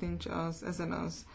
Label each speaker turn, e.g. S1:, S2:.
S1: nincs az, ezen az